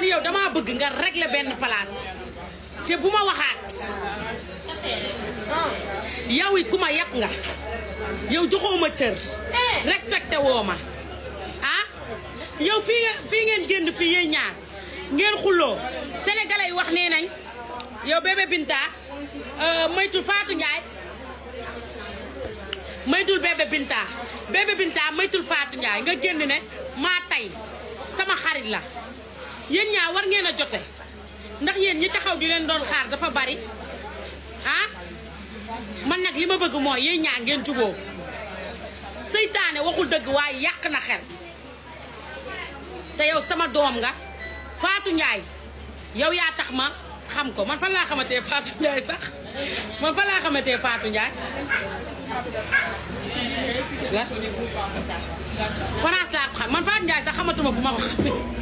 ma yow dama bëgg nga régler ben place té buma waxat yow yi kuma yak nga yow joxoma cër eh. respecté woo ma ah yow fi fi ngeen génn fi ye ñaar ngeen xullo sénégalais wax né nañ yow bébé Binta euh, maytul Fatou Ndiaye maytul bébé Binta bébé Binta maytul Fatou nga ne ma tay sama xarit la yéen ñaa war ngeen a jote ndax yéen ñi taxaw di leen doon xaar dafa bari ah man nag li ma bëgg mooy yéen ñaa ngeen juboo seytaane waxul dëgg waaye yàq na xel te yow sama doom nga Fatou njaay yow yaa tax ma xam ko man fan laa xamantee Fatou Ndiaye sax man fan laa xamantee Fatou sax xamatuma bu ma ko